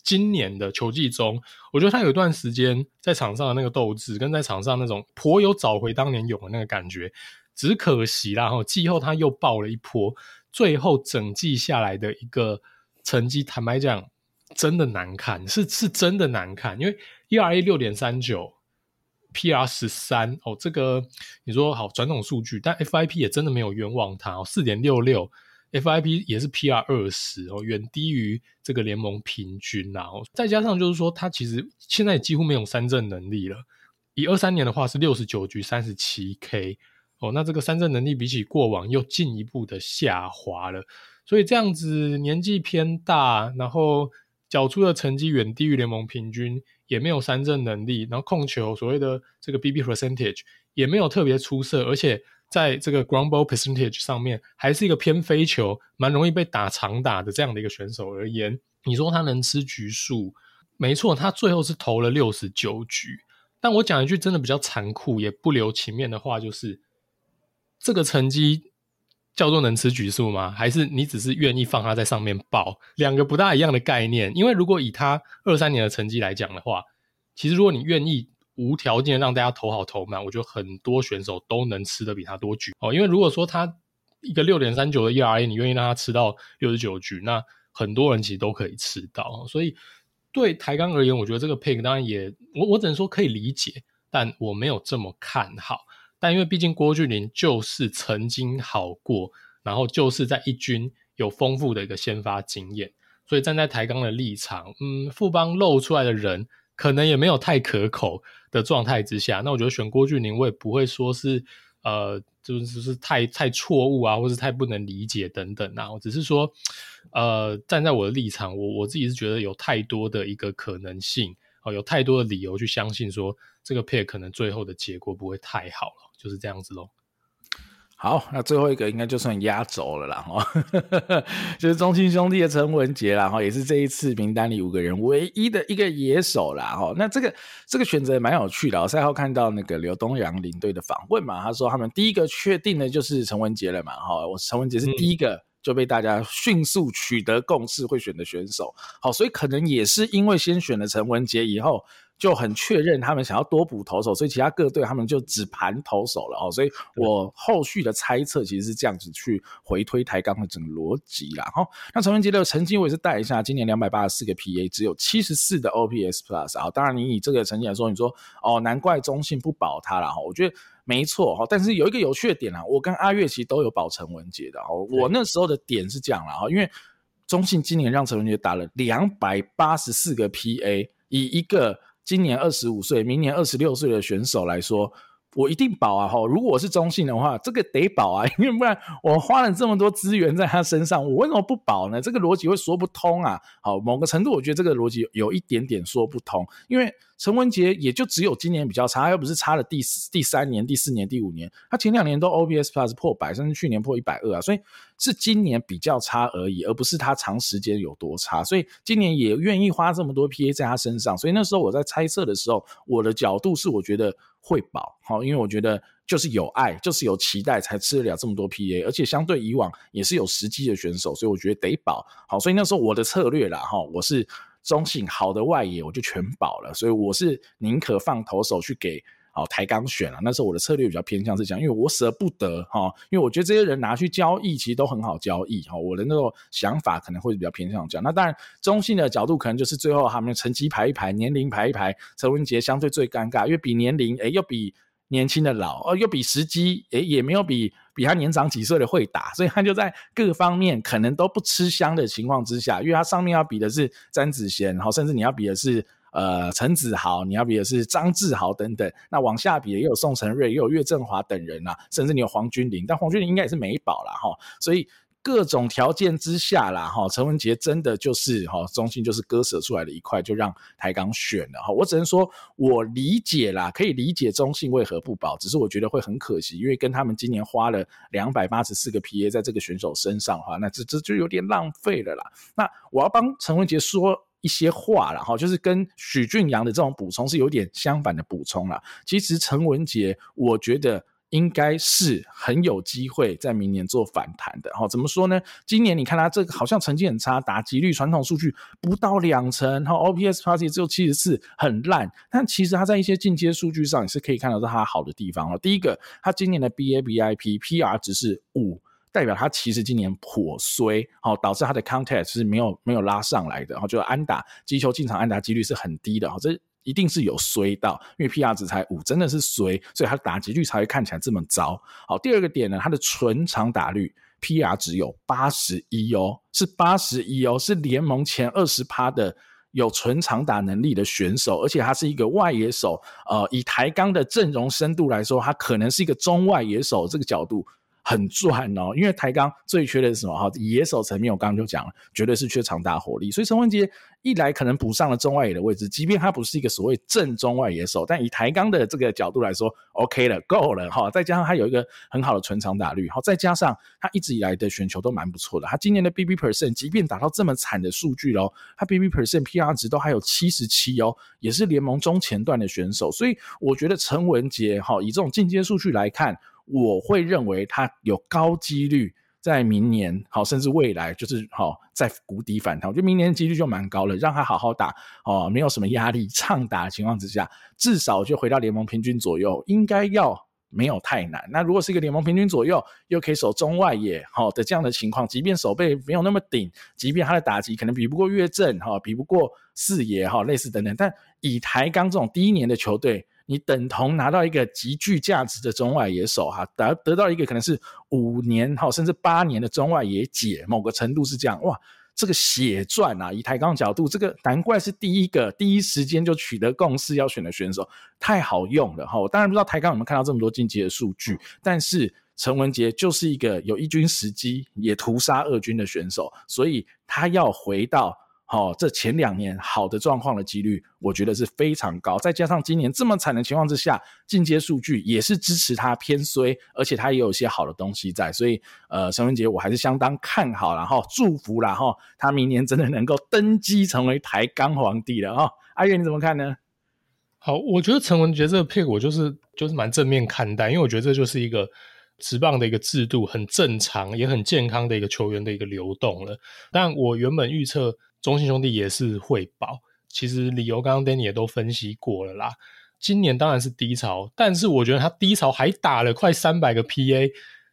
今年的球季中，我覺得他有一段時間在場上的那個鬥志，跟在場上那種頗有找回當年勇的那個感覺。只可惜啦，後、哦、季後他又爆了一波，最後整季下來的一個成績，坦白講真的難看，是是真的難看。因為 ERA 六點三九。P.R. 十三哦，這個你說好傳統數據，但 F.I.P. 也真的沒有冤枉他哦，四點六六 F.I.P. 也是 P.R. 二十哦，遠低於這個聯盟平均，然後、啊哦、再加上就是說，他其實現在也幾乎沒有三振能力了。以二三年的話是六十九局三十七 K 哦，那這個三振能力比起過往又進一步的下滑了。所以這樣子年紀偏大，然後繳出的成績遠低於聯盟平均。也沒有三振能力，然後控球所謂的這個 BB percentage 也沒有特別出色，而且在這個 Groundball percentage 上面還是一個偏飛球，蠻容易被打長打的這樣的一個選手而言，你說他能吃局數？沒錯，他最後是投了六十九局。但我講一句真的比較殘酷，也不留情面的話，就是這個成績。叫做能吃局數嗎？還是你只是願意放他在上面爆？兩個不大一樣的概念。因為如果以他二三年的成績來講的話，其實如果你願意無條件讓大家投好投滿，我覺得很多選手都能吃得比他多局哦。因為如果說他一個六點三九的 ERA，你願意讓他吃到六十九局，那很多人其實都可以吃到。所以對台鋼而言，我覺得這個 pick 當然也，我我只能說可以理解，但我沒有這麼看好。但因為畢竟郭俊麟就是曾經好過，然後就是在一軍有豐富的一個先發經驗，所以站在台鋼的立場，嗯，富邦露出來的人可能也沒有太可口的狀態之下，那我覺得選郭俊麟我也不會說是呃，就是、就是、太太錯誤啊，或是太不能理解等等啊，我只是說，呃，站在我的立場，我我自己是覺得有太多的一個可能性，哦、呃，有太多的理由去相信說。這個配可能最後的結果不會太好了，就是這樣子嘍。好，那最後一個應該就算壓軸了啦，哈，就是中信兄弟的陳文杰啦，哈，也是這一次名單裡五個人唯一的一個野手啦，哈。那這個這個選擇蠻有趣的，賽後看到那個劉東陽領隊的訪問嘛，他說他們第一個確定的就是陳文杰了嘛，哈，我陳文杰是第一個就被大家迅速取得共識會選的選手，嗯、好，所以可能也是因為先選了陳文杰以後。就很確認他們想要多補投手，所以其他各隊他們就只盤投手了哦，所以我後續的猜測其實是這樣子去回推台鋼的整個邏輯啦。好，那陳文杰的成績我也是帶一下，今年兩百八十四個 PA，只有七十四的 OPS plus 啊，當然你以這個成績來說，你說哦，難怪中信不保他了哈，我覺得沒錯哈。但是有一個有趣的點啊，我跟阿月其實都有保陳文杰的啊，我那時候的點是這樣了啊，因為中信今年讓陳文杰打了兩百八十四個 PA，以一個今年二十五歲，明年二十六歲的選手來說。我一定保啊！齁，如果我是中信的話，這個得保啊，因為不然我花了這麼多資源在他身上，我為什麼不保呢？這個邏輯會說不通啊！好，某個程度，我覺得這個邏輯有一點點說不通。因為陳文杰也就只有今年比較差，又不是差了第四、第三年、第四年、第五年，他前兩年都 OPS Plus 破百，甚至去年破一百二啊，所以是今年比較差而已，而不是他長時間有多差。所以今年也願意花這麼多 PA 在他身上。所以那時候我在猜測的時候，我的角度是我覺得。會保，因為我覺得就是有愛，就是有期待才吃得了這麼多 PA，而且相對以往也是有時機的選手，所以我覺得得保。好，所以那時候我的策略啦，我是中性好的外野我就全保了，所以我是寧可放投手去給。好台鋼，選了。啊，那時候我的策略比較偏向是這樣，因為我捨不得哈，因為我覺得這些人拿去交易其實都很好交易哈，我的那種想法，可能會比較偏向這樣。那當然中性的角度可能就是最後他們成績排一排，年齡排一排，陳文杰相對最尷尬，因為比年齡誒、欸、又比年輕的老，哦又比時機誒、欸，也沒有比比他年長幾歲的會打，所以他就在各方面可能都不吃香的情況之下，因為他上面要比的是詹子賢，然甚至你要比的是呃，陳子豪，你要比的是張志豪等等，那往下比也有宋承瑞，也有岳振華等人啊，甚至你有黃君玲，但黃君玲應該也是沒保了哈。所以各種條件之下啦哈，陳文杰真的就是哈，中信就是割捨出來的一塊，就讓台鋼選了哈。我只能說，我理解啦，可以理解中信為何不保，只是我覺得會很可惜，因為跟他們今年花了兩百八十四個 PA 在這個選手身上哈，那這這就有點浪費了啦。那我要幫陳文杰說。一些話，啦，然後就是跟許峻暘的這種補充是有點相反的補充了。其實陳文杰，我覺得應該是很有機會在明年做反彈的。哈，怎麼說呢？今年你看他這個好像成績很差，打擊率傳統數據不到兩成，然後 OPS plus 只有七十四，很爛。但其實他在一些進階數據上，你是可以看得到他好的地方哦。第一個，他今年的 BABIP、PR 值是五。代表他其實今年頗衰、哦，好，導致他的 contact 是沒有沒有拉上來的，然後就安打擊球進場安打幾率是很低的，好，這一定是有衰到，因為 PR 值才五，真的是衰，所以他打擊率才會看起來這麼糟。好，第二個點呢，他的純長打率 PR 值有八十一哦，是八十一哦，是聯盟前二十趴的有純長打能力的選手，而且他是一個外野手，呃，以台鋼的陣容深度來說，他可能是一個中外野手這個角度。很賺哦，因為台鋼最缺的是什麼哈？野手層面，我剛剛就講了，絕對是缺長打火力。所以陳文杰一來可能補上了中外野的位置，即便他不是一個所謂正中外野手，但以台鋼的這個角度來說，OK 了，夠了哈、哦。再加上他有一個很好的純長打率，哈、哦，再加上他一直以來的選球都蠻不錯的。他今年的 BB percent，即便打到這麼慘的數據哦，他 BB percent PR 值都還有七十七哦，也是聯盟中前段的選手。所以我覺得陳文杰哈、哦，以這種進階數據來看。我會認為他有高幾率在明年好，甚至未來就是好在谷底反彈，我覺得明年的幾率就蠻高了，讓他好好打哦，沒有什麼壓力，暢打的情況之下，至少就回到聯盟平均左右，應該要沒有太難。那如果是一個聯盟平均左右，又可以守中外野好的這樣的情況，即便守備沒有那麼頂，即便他的打擊可能比不過岳政哈，比不過四野哈類似等等。但以台鋼這種第一年的球隊。你等同拿到一個極具價值的中外野手哈，得得到一個可能是五年哈，甚至八年的中外野解，某個程度是這樣。哇，這個血賺啊！以台鋼角度，這個難怪是第一個第一時間就取得共識要選的選手，太好用了哈。我當然不知道台鋼有沒有看到這麼多進階的數據，但是陳文杰就是一個有一軍時機也屠殺二軍的選手，所以他要回到。好、哦，這前兩年好的狀況的幾率，我覺得是非常高。再加上今年這麼慘的情況之下，進階數據也是支持他偏衰，而且他也有一些好的東西在。所以，呃，陳文杰我還是相當看好，然、哦、後祝福然後、哦、他明年真的能夠登基成為台鋼皇帝了啊、哦！阿月你怎麼看呢？好，我覺得陳文杰這個 pick 我就是就是蠻正面看待，因為我覺得這就是一個職棒的一個制度，很正常，也很健康的一個球員的一個流動了。但我原本預測。中信兄弟也是會保，其實理由剛剛 Danny 也都分析過了啦。今年當然是低潮，但是我覺得他低潮還打了快三百個 PA，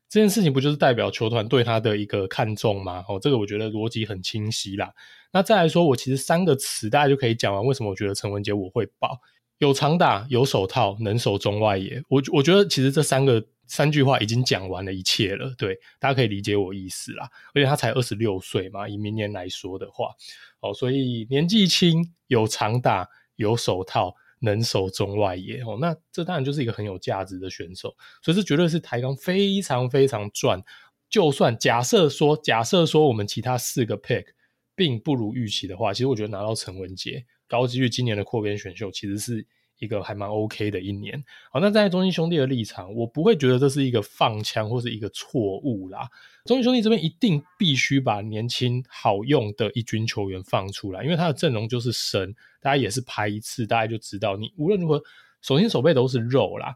這件事情不就是代表球團對他的一個看重嗎？哦，這個我覺得邏輯很清晰啦。那再來說，我其實三個詞大家就可以講完，為什麼我覺得陳文杰我會保，有長打、有手套、能守中外野。我我覺得其實這三個。三句話已經講完了一切了，對，大家可以理解我意思啦。而且他才二十六歲嘛，以明年來說的話，哦，所以年紀輕，有長打，有手套，能守中外野，哦，那這當然就是一個很有價值的選手。所以這絕對是台鋼非常非常賺。就算假設說，假設說我們其他四個 pick 並不如預期的話，其實我覺得拿到陳文杰，高級玉今年的擴編選秀其實是。一個還蠻 OK 的一年，好，那在中信兄弟的立場，我不會覺得這是一個放槍或是一個錯誤啦。中信兄弟這邊一定必須把年輕好用的一軍球員放出來，因為他的陣容就是神，大家也是拍一次，大家就知道你，你無論如何，手心手背都是肉啦。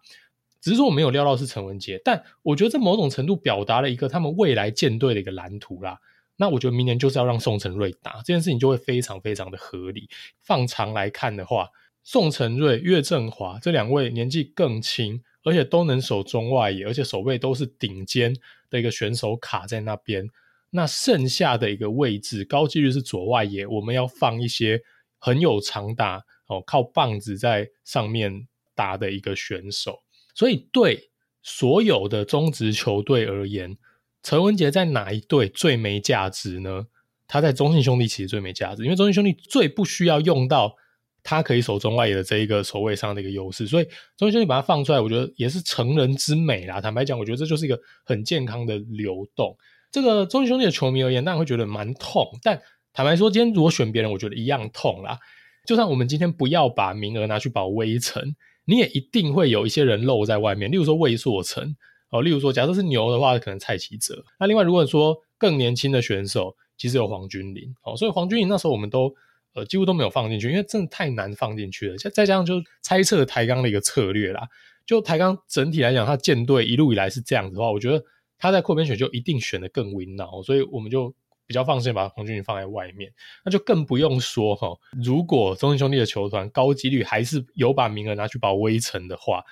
只是說我沒有料到是陳文杰，但我覺得這某種程度表達了一個他們未來建隊的一個藍圖啦。那我覺得明年就是要讓宋成瑞打這件事情，就會非常非常的合理。放長來看的話。宋晟睿、岳政華這兩位年紀更輕，而且都能守中外野，而且守備都是頂尖的一個選手，卡在那邊。那剩下的一個位置，高幾率是左外野，我們要放一些很有長打哦，靠棒子在上面打的一個選手。所以對所有的中職球隊而言，陳文杰在哪一隊最沒價值呢？他在中信兄弟其實最沒價值，因為中信兄弟最不需要用到。他可以守中、外野的這一個守位上的一個優勢，所以中信兄弟把他放出來，我覺得也是成人之美啦。坦白講，我覺得這就是一個很健康的流動。這個中信兄弟的球迷而言，當然會覺得蠻痛，但坦白說，今天如果選別人，我覺得一樣痛啦。就算我們今天不要把名額拿去保魏城，你也一定會有一些人漏在外面。例如說魏碩成，哦，例如說，假設是牛的話，可能蔡齊哲。那另外如果你說更年輕的選手，其實有黃鈞麟，哦，所以黃鈞麟那時候我們都。呃，幾乎都沒有放進去，因為真的太難放進去了。再再加上就是猜測台鋼的一個策略啦。就台鋼整體來講，它建隊一路以來是這樣子的話，我覺得他在擴編選秀一定選得更微腦、哦，所以我們就比較放心把紅軍放在外面。那就更不用說哈、哦，如果中信兄弟的球團高幾率還是有把名額拿去保威晨的話，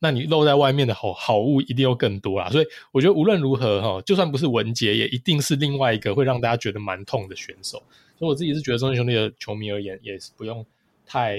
那你漏在外面的好好物一定又更多啦。所以我覺得無論如何哈、哦，就算不是文杰，也一定是另外一個會讓大家覺得蠻痛的選手。所以我自己是覺得，中信兄弟的球迷而言，也是不用太，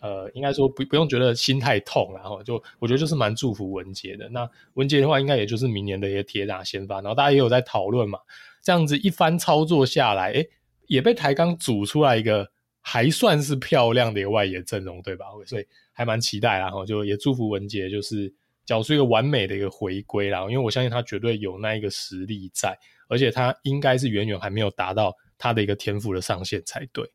呃，應該說不不用覺得心太痛，啊，然後就我覺得就是蠻祝福文杰的。那文杰的話，應該也就是明年的一個鐵打先發，然後大家也有在討論嘛，這樣子一番操作下來，誒、欸，也被台鋼組出來一個還算是漂亮的一個外野陣容，對吧？所以還蠻期待啦，然後就也祝福文杰，就是繳出一個完美的一個回歸啦，因為我相信他絕對有那一個實力在，而且他應該是遠遠還沒有達到。他的一個天賦的上限才對。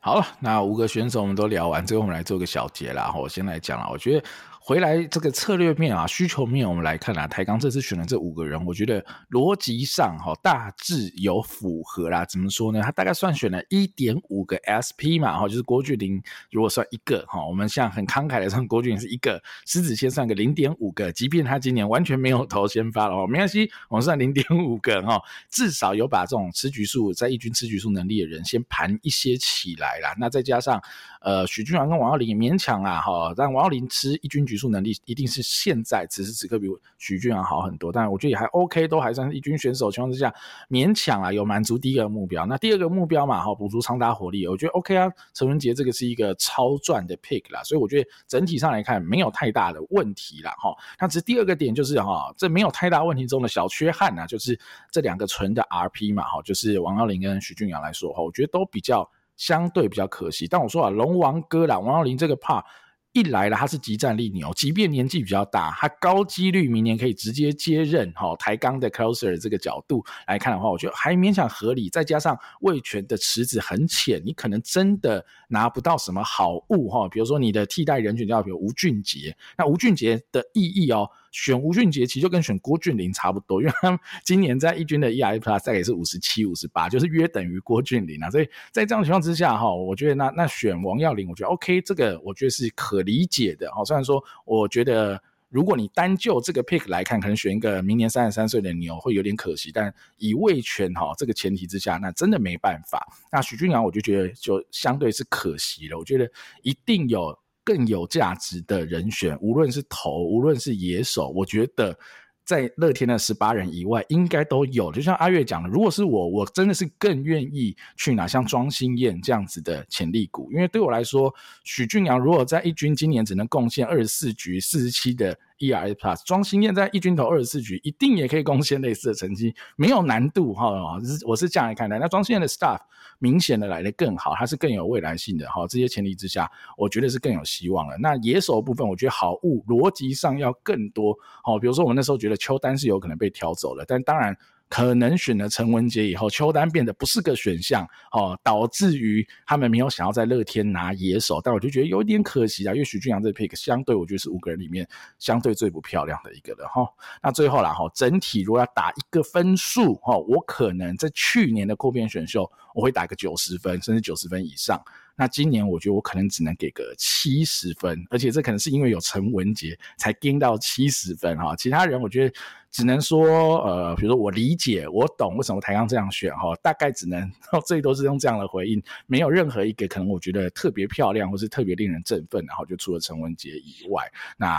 好了，那五個選手我們都聊完，最後我們來做個小結了。我先來講了，我覺得。回來這個策略面啊，需求面我們來看啊，台鋼這次選了這五個人，我覺得邏輯上哈大致，有符合啦。怎麼說呢？他大概算選了一點五個 SP 嘛，哈，就是郭俊麟如果算一個哈，我們像很慷慨的算郭俊麟是一個，施子謙算個零點五個，即便他今年完全沒有投先發了哦，沒關係，我們算零點五個哈，至少有把這種吃局數在一軍吃局數能力的人先盤一些起來啦。那再加上。呃，許峻暘跟王躍霖也勉強啦，哈，但王躍霖吃一軍局數能力一定是現在此時此刻比許峻暘好很多，但我覺得也還 OK，都還算是一軍選手情況之下勉強啊，有滿足第一個目標。那第二個目標嘛，哈，補足長打火力，我覺得 OK 啊。陳文杰這個是一個超賺的 pick 啦，所以我覺得整體上來看沒有太大的問題啦，哈。那只是第二個點就是哈，這沒有太大問題中的小缺憾呢、啊，就是這兩個純的 RP 嘛，哈，就是王躍霖跟許峻暘來說哈，我覺得都比較。相對比較可惜，但我說啊，龍王哥啦，王躍霖這個帕一來了，他是即戰力牛，哦，即便年紀比較大，他高機率明年可以直接接任哈，哦，台鋼的 closer 這個角度來看的話，我覺得還勉強合理。再加上味全的池子很淺，你可能真的拿不到什麼好物哈，哦。比如說你的替代人選叫，比如吳俊杰，那吳俊杰的意義哦。選吳俊杰其實就跟選郭俊麟差不多，因為他們今年在一軍的 ERA+ 大概也是五十七、五十八，就是約等於郭俊麟啊。所以在這樣的情況之下，哈，我覺得那那選王躍霖，我覺得 OK，這個我覺得是可理解的哈，雖然說，我覺得如果你單就這個 pick 來看，可能選一個明年三十三歲的牛會有點可惜，但以味全哈這個前提之下，那真的沒辦法。那許峻暘我就覺得就相對是可惜了，我覺得一定有。更有價值的人選，無論是投，無論是野手，我覺得在樂天的十八人以外，應該都有。就像阿月講的，如果是我，我真的是更願意去拿像莊心燕這樣子的潛力股，因為對我來說，許峻暘如果在一軍今年只能貢獻二十四局四十七的。ERA+ 莊昕諺在一軍投二十四局，一定也可以貢獻類似的成績，沒有難度哈。是我是這樣來看的，那莊昕諺的 stuff 明顯的來得更好，他是更有未來性的哈。這些前提之下，我覺得是更有希望了。那野手部分，我覺得好物邏輯上要更多好，比如說我們那時候覺得邱丹是有可能被挑走了，但當然。可能選了陳文杰以後，邱丹變得不是個選項哦，導致於他們沒有想要在樂天拿野手。但我就覺得有一點可惜啊，因為許峻暘這 pick 相對我覺得是五個人裡面相對最不漂亮的一個人哈、哦。那最後啦哈，整體如果要打一個分數哦，我可能在去年的擴編選秀我會打個九十分甚至九十分以上。那今年我覺得我可能只能給個七十分，而且這可能是因為有陳文杰才給到七十分哈。其他人我覺得只能說，呃，比如說我理解，我懂為什麼台鋼這樣選哈，大概只能最多是用這樣的回應，沒有任何一個可能我覺得特別漂亮，或是特別令人振奮，然後就除了陳文杰以外，那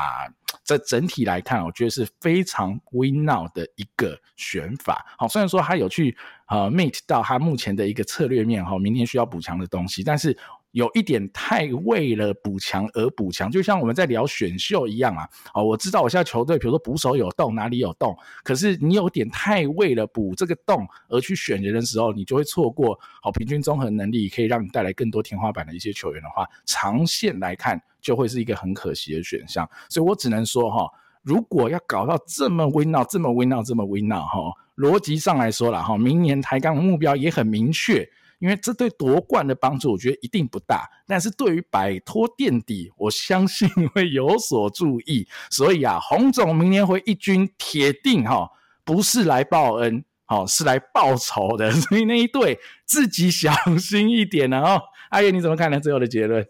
這整體來看，我覺得是非常微妙的一個選法。好，雖然說他有去。啊、uh,，meet 到他目前的一個策略面哈、哦，明天需要補強的東西，但是有一點太為了補強而補強，就像我們在聊選秀一樣啊。哦，我知道我現在球隊，比如說捕手有洞，哪裡有洞，可是你有點太為了補這個洞而去選人的時候，你就會錯過好、哦、平均綜合能力可以讓你帶來更多天花板的一些球員的話，長線來看就會是一個很可惜的選項。所以我只能說哈、哦。如果要搞到這麼微妙、這麼微妙、這麼微妙，哈，邏輯上來說了，哈，明年台鋼的目標也很明確，因為這對奪冠的幫助，我覺得一定不大，但是對於擺脫墊底，我相信會有所注意。所以啊，洪總明年回一軍，鐵定哈、哦，不是來報恩，哦，是來報仇的。所以那一隊自己小心一點、啊，然、哦、後，阿姨你怎麼看呢？最後的結論？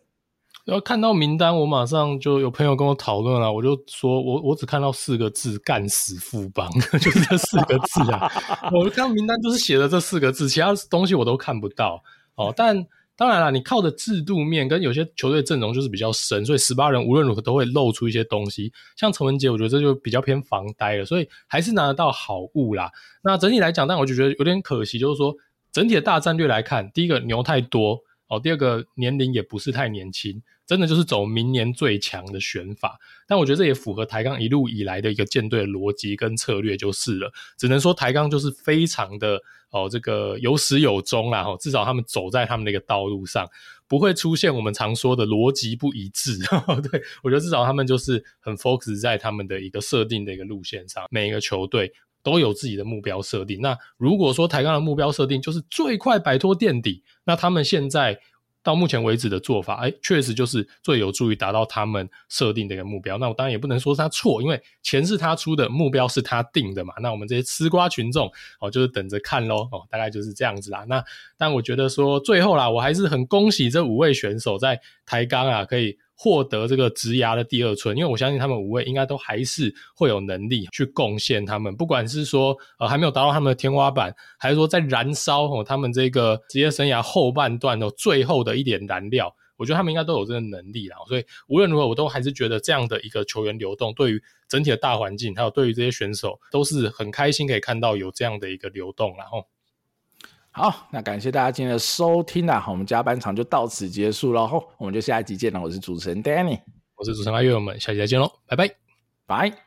然後看到名單，我馬上就有朋友跟我討論了。我就說我，我我只看到四個字“幹死富邦”，呵呵就是這四個字啊。 [LAUGHS] 我看到名單就是寫的這四個字，其他東西我都看不到。哦，但當然了，你靠的制度面跟有些球隊陣容就是比較深，所以十八人無論如何都會露出一些東西。像陳文杰，我覺得這就比較偏防呆了，所以還是拿得到好物啦。那整體來講，但我就覺得有點可惜，就是說整體的大戰略來看，第一個牛太多。哦，第二個年齡也不是太年輕，真的就是走明年最強的選法。但我覺得這也符合台鋼一路以來的一個建隊邏輯跟策略就是了。只能說台鋼就是非常的哦，這個有始有終啦。哈、哦，至少他們走在他們那個道路上，不會出現我們常說的邏輯不一致。哦、對我覺得至少他們就是很 focus 在他們的一個設定的一個路線上，每一個球隊。都有自己的目標設定。那如果說台鋼的目標設定就是最快擺脫墊底，那他們現在到目前為止的做法，哎、欸，確實就是最有助於達到他們設定的一個目標。那我當然也不能說是他錯，因為錢是他出的，目標是他定的嘛。那我們這些吃瓜群眾，哦，就是等着看嘍。哦，大概就是這樣子啦。那但我覺得說最後啦，我還是很恭喜這五位選手在台鋼啊，可以。獲得這個職涯的第二春，因為我相信他們五位應該都還是會有能力去貢獻他們，不管是說呃還沒有達到他們的天花板，還是說在燃燒、哦、他們這個職業生涯後半段的最後的一點燃料，我覺得他們應該都有這個能力啦。所以無論如何，我都還是覺得這樣的一個球員流動，對於整體的大環境，還有對於這些選手，都是很開心可以看到有這樣的一個流動啦，然、哦、後。好，那感謝大家今天的收聽啦、啊、好，我們加班場就到此結束了，吼我們就下一集見了。我是主持人 Danny，我是主持人阿月。我們下期再見嘍，拜拜，拜。